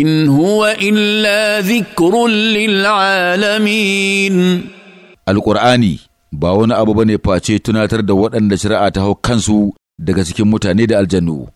in huwa illa zikrun lil alamin alqur'ani ba wani abu bane face tunatar da waɗanda shari'a ta hau kansu daga cikin mutane da aljannu